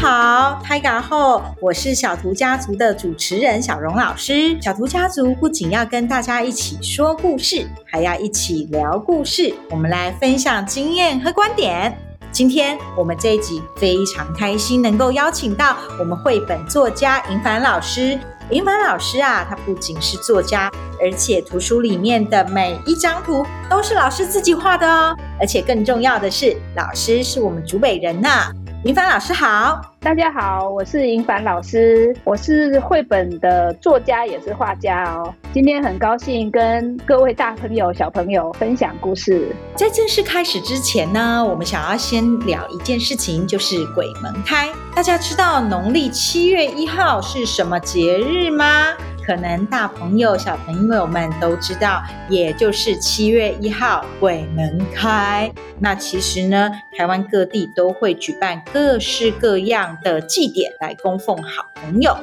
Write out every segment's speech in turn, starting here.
好，嗨，大家好，我是小圖家族的主持人小蓉老師。小圖家族不僅要跟大家一起說故事，還要一起聊故事，我們來分享經驗和觀點。今天我們這一集非常開心，能夠邀請到我們繪本作家盈帆老師。盈帆老師啊，他不僅是作家，而且圖書裡面的每一張圖都是老師自己畫的哦。而且更重要的是，老師是我們竹北人吶、啊。盈帆老師好。大家好，我是盈帆老師，我是繪本的作家，也是畫家哦。今天很高興跟各位大朋友、小朋友分享故事。在正式開始之前呢，我們想要先聊一件事情，就是鬼門開。大家知道農曆七月一號是什麼節日嗎？可能大朋友、小朋友們都知道，也就是七月一號鬼門開。那其實呢，台灣各地都會舉辦各式各樣的祭典來供奉好朋友。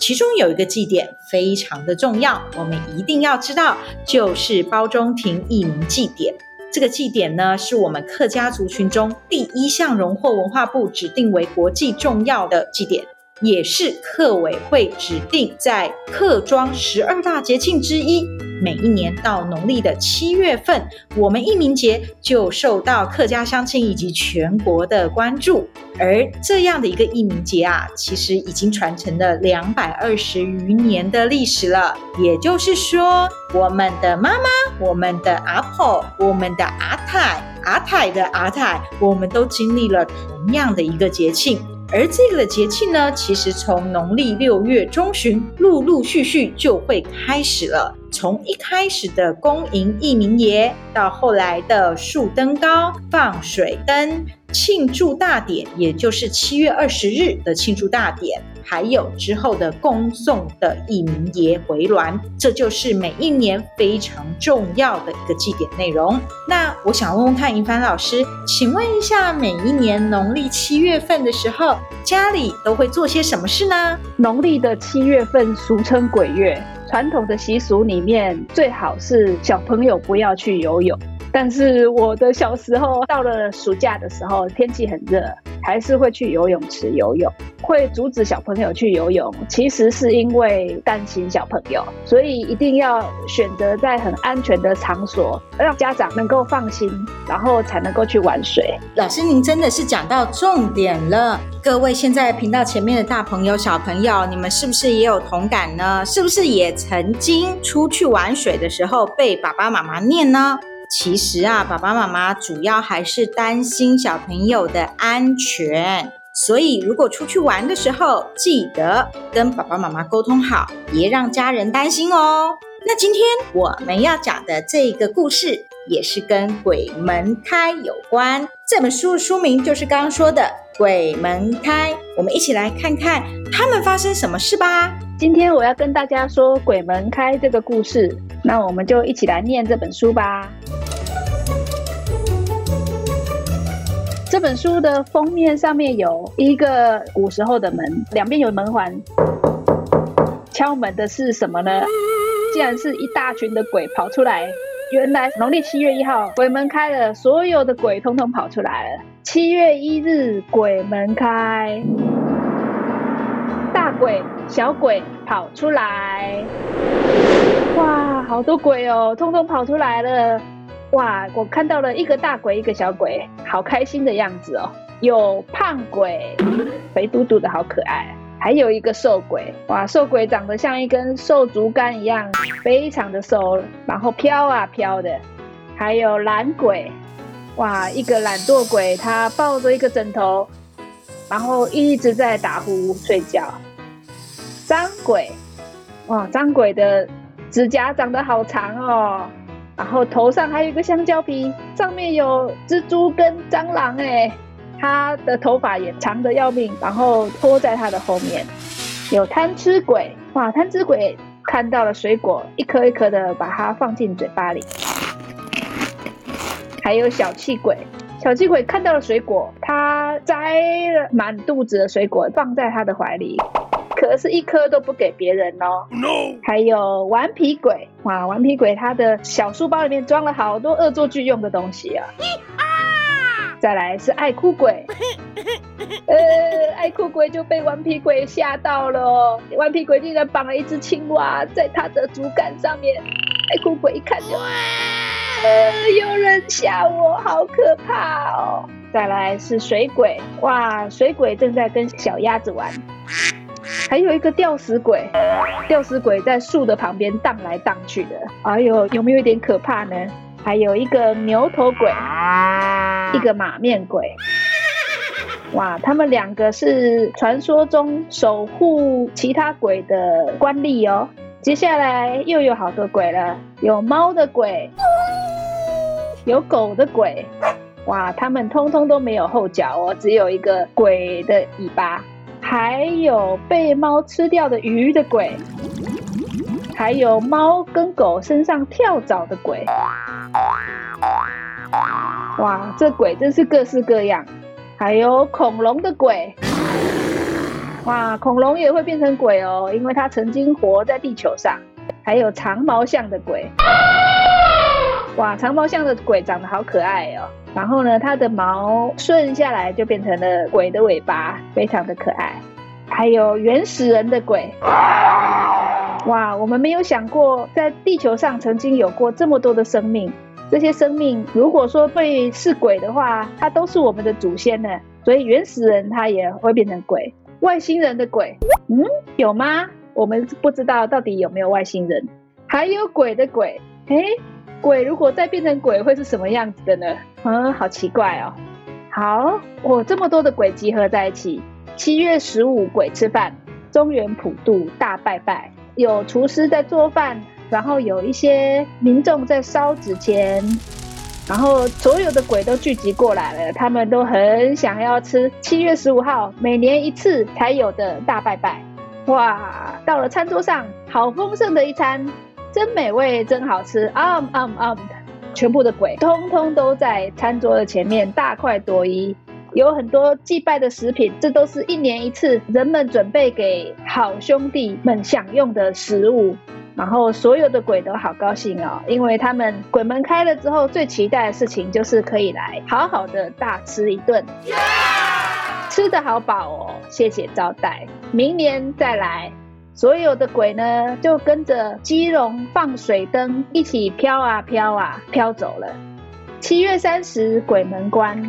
其中有一個祭典非常的重要，我們一定要知道，就是褒忠亭義民祭典。這個祭典呢，是我們客家族群中第一項榮獲文化部指定為國際重要的祭典。也是客委會指定在客莊十二大節慶之一。每一年到農曆的七月份，我們義民節就受到客家鄉親以及全國的關注。而這樣的一個義民節啊，其實已經傳承了兩百二十餘年的歷史了。也就是說，我們的媽媽、我們的阿婆、我們的阿太、阿太的阿太，我們都經歷了同樣的一個節慶。而這個的節慶呢，其實從農曆六月中旬陸陸續續就會開始了，從一開始的恭迎義民爺到後來的豎燈篙、放水燈、慶祝大典，也就是七月二十日的慶祝大典。還有之後的恭送的義民爺回鑾，這就是每一年非常重要的一個祭典內容。那我想問問看，盈帆老師，請問一下，每一年農曆七月份的時候，家裡都會做些什麼事呢？農曆的七月份俗稱鬼月，傳統的習俗裡面，最好是小朋友不要去游泳。但是我的小時候，到了暑假的時候，天氣很熱，還是會去游泳池游泳。會阻止小朋友去游泳，其實是因為擔心小朋友，所以一定要選擇在很安全的場所，讓家長能夠放心，然後才能夠去玩水。老師，您真的是講到重點了。各位現在頻道前面的大朋友、小朋友，你們是不是也有同感呢？是不是也曾經出去玩水的時候被爸爸媽媽念呢？其實啊，爸爸媽媽主要還是擔心小朋友的安全，所以如果出去玩的時候，記得跟爸爸媽媽溝通好，別讓家人擔心哦。那今天我們要講的這個故事，也是跟鬼門開有關。這本書的書名就是剛剛說的《鬼門開》，我們一起來看看他們發生什麼事吧。今天我要跟大家說《鬼門開》這個故事，那我們就一起來念這本書吧。這本書的封面上面有一個古時候的門，兩邊有門環。敲門的是什麼呢？竟然是一大群的鬼跑出來！原來農曆七月一號，鬼門開了，所有的鬼通通跑出來了。七月一日，鬼門開。鬼小鬼跑出來，哇，好多鬼哦，通通跑出來了，哇，我看到了一個大鬼，一個小鬼，好開心的樣子哦。有胖鬼，肥嘟嘟的好可愛，還有一個瘦鬼，哇，瘦鬼長得像一根瘦竹竿一樣，非常的瘦，然後飄啊飄的。還有懶鬼，哇，一個懶惰鬼，他抱着一個枕頭，然後一直在打呼睡覺。髒鬼，哇！髒鬼的指甲長得好長哦，然後頭上還有一個香蕉皮，上面有蜘蛛跟蟑螂哎。他的頭髮也長得要命，然後拖在他的後面。有貪吃鬼，哇！貪吃鬼看到了水果，一顆一顆的把它放進嘴巴裡。還有小氣鬼，小氣鬼看到了水果，他摘了滿肚子的水果放在他的懷裡。可是，一顆都不給別人哦。還有頑皮鬼哇！頑皮鬼他的小書包裡面裝了好多惡作劇用的東西啊。一二，再來是愛哭鬼。呃，愛哭鬼就被頑皮鬼嚇到了。頑皮鬼竟然綁了一只青蛙在他的竹竿上面，愛哭鬼一看就，呃，有人嚇我，好可怕哦！再來是水鬼哇！水鬼正在跟小鴨子玩。還有一個吊死鬼，吊死鬼在樹的旁邊盪來盪去的，哎呦，有沒有一點可怕呢？還有一個牛頭鬼，一個馬面鬼，哇，他們兩個是傳說中守護其他鬼的官吏哦。接下來又有好多鬼了，有貓的鬼，有狗的鬼，哇，他們通通都沒有後腳哦，只有一個鬼的尾巴。還有被貓吃掉的魚的鬼，還有貓跟狗身上跳蚤的鬼，哇，這鬼真是各式各樣。還有恐龍的鬼，哇，恐龍也會變成鬼哦，因為它曾經活在地球上。還有長毛象的鬼，哇，長毛象的鬼長得好可愛哦。然後呢，它的毛順下來就變成了鬼的尾巴，非常的可愛。還有原始人的鬼，哇！我們沒有想過，在地球上曾經有過這麼多的生命。這些生命如果說被是鬼的話，它都是我們的祖先呢。所以原始人他也會變成鬼，外星人的鬼，嗯，有嗎？我們不知道到底有沒有外星人。還有鬼的鬼，誒，鬼如果再變成鬼，會是什麼樣子的呢？嗯，好奇怪哦。好，我這麼多的鬼集合在一起。七月十五鬼吃飯，中元普渡大拜拜，有廚師在做飯，然後有一些民眾在燒紙錢，然後所有的鬼都聚集過來了，他們都很想要吃七月十五號每年一次才有的大拜拜。哇，到了餐桌上，好豐盛的一餐，真美味，真好吃啊啊啊！Um, um, um. 全部的鬼通通都在餐桌的前面大快朵頤，有很多祭拜的食品，這都是一年一次，人們準備給好兄弟們享用的食物。然後所有的鬼都好高興哦，因為他們鬼門開了之後，最期待的事情就是可以來好好的大吃一頓，Yeah! 吃得好飽哦，謝謝招待，明年再來。所有的鬼呢，就跟着基隆放水燈一起飄啊飄啊飄走了。七月三十，鬼門關，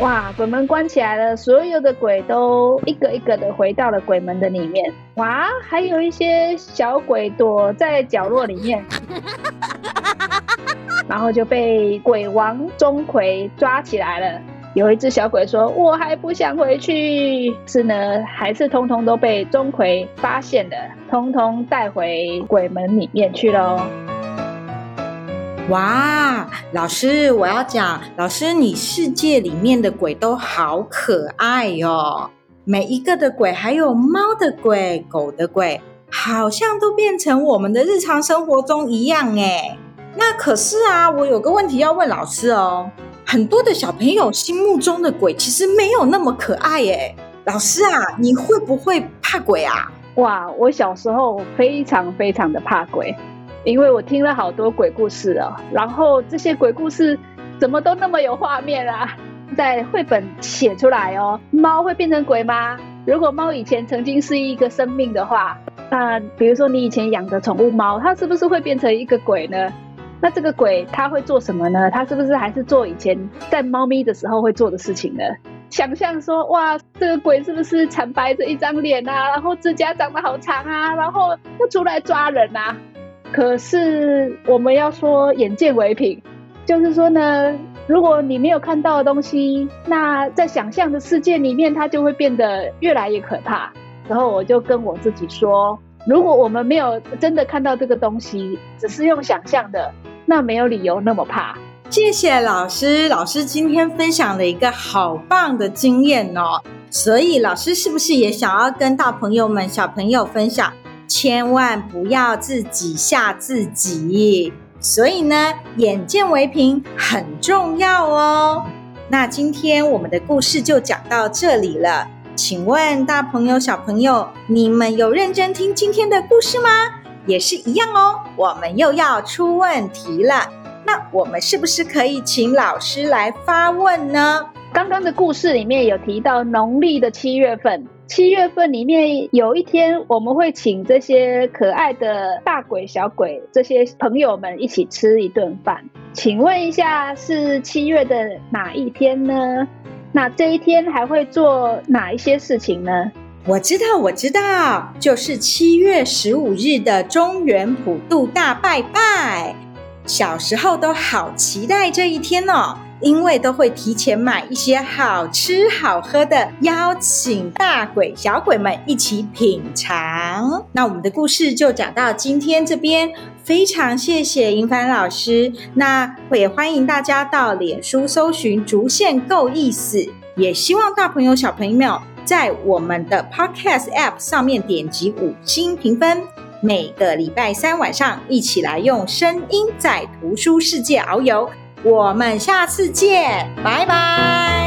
哇，鬼門關起來了，所有的鬼都一個一個的回到了鬼門的裡面。哇，還有一些小鬼躲在角落裡面， 然後就被鬼王鍾馗抓起來了。有一隻小鬼說：“我還不想回去。”是呢，還是通通都被鍾馗發現了，通通帶回鬼門裡面去了。哇，老師，我要講，老師你世界裡面的鬼都好可愛哦，每一個的鬼，還有貓的鬼、狗的鬼，好像都變成我們的日常生活中一樣耶。那可是啊，我有個問題要問老師哦。很多的小朋友心目中的鬼其實沒有那麼可愛哎、欸，老師啊，你會不會怕鬼啊？哇，我小時候非常非常的怕鬼，因為我聽了好多鬼故事哦。然後這些鬼故事怎麼都那麼有畫面啊，在繪本寫出來哦。貓會變成鬼嗎？如果貓以前曾經是一個生命的話，那比如說你以前養的寵物貓，它是不是會變成一個鬼呢？那這個鬼他會做什麼呢？他是不是還是做以前在貓咪的時候會做的事情呢？想象說，哇，這個鬼是不是慘白着一張臉啊？然後指甲長得好長啊？然後要出來抓人啊？可是我們要說眼見為憑，就是說呢，如果你沒有看到的東西，那在想象的世界裡面，它就會變得越來越可怕。然後我就跟我自己說，如果我們沒有真的看到這個東西，只是用想象的。那沒有理由那麼怕，謝謝老師。老師今天分享了一個好棒的經驗哦，所以老師是不是也想要跟大朋友們、小朋友分享？千萬不要自己嚇自己。所以呢，眼見為憑很重要哦。那今天我們的故事就講到這裡了。請問大朋友、小朋友，你們有認真聽今天的故事嗎？也是一樣哦，我們又要出問題了。那我們是不是可以請老師來發問呢？剛剛的故事裡面有提到農曆的七月份，七月份裡面有一天，我們會請這些可愛的大鬼小鬼這些朋友們一起吃一頓飯。請問一下，是七月的哪一天呢？那這一天還會做哪一些事情呢？我知道，我知道，就是七月十五日的中原普渡大拜拜。小時候都好期待這一天哦，因為都會提前買一些好吃好喝的，邀請大鬼小鬼們一起品嘗。那我們的故事就講到今天這邊，非常謝謝盈帆老師。那我也歡迎大家到臉書搜尋“竹縣 go 有藝思”，也希望大朋友小朋友。在我們的 Podcast App 上面點擊五星評分。每個禮拜三晚上，一起來用聲音在圖書世界遨遊。我們下次見，拜拜。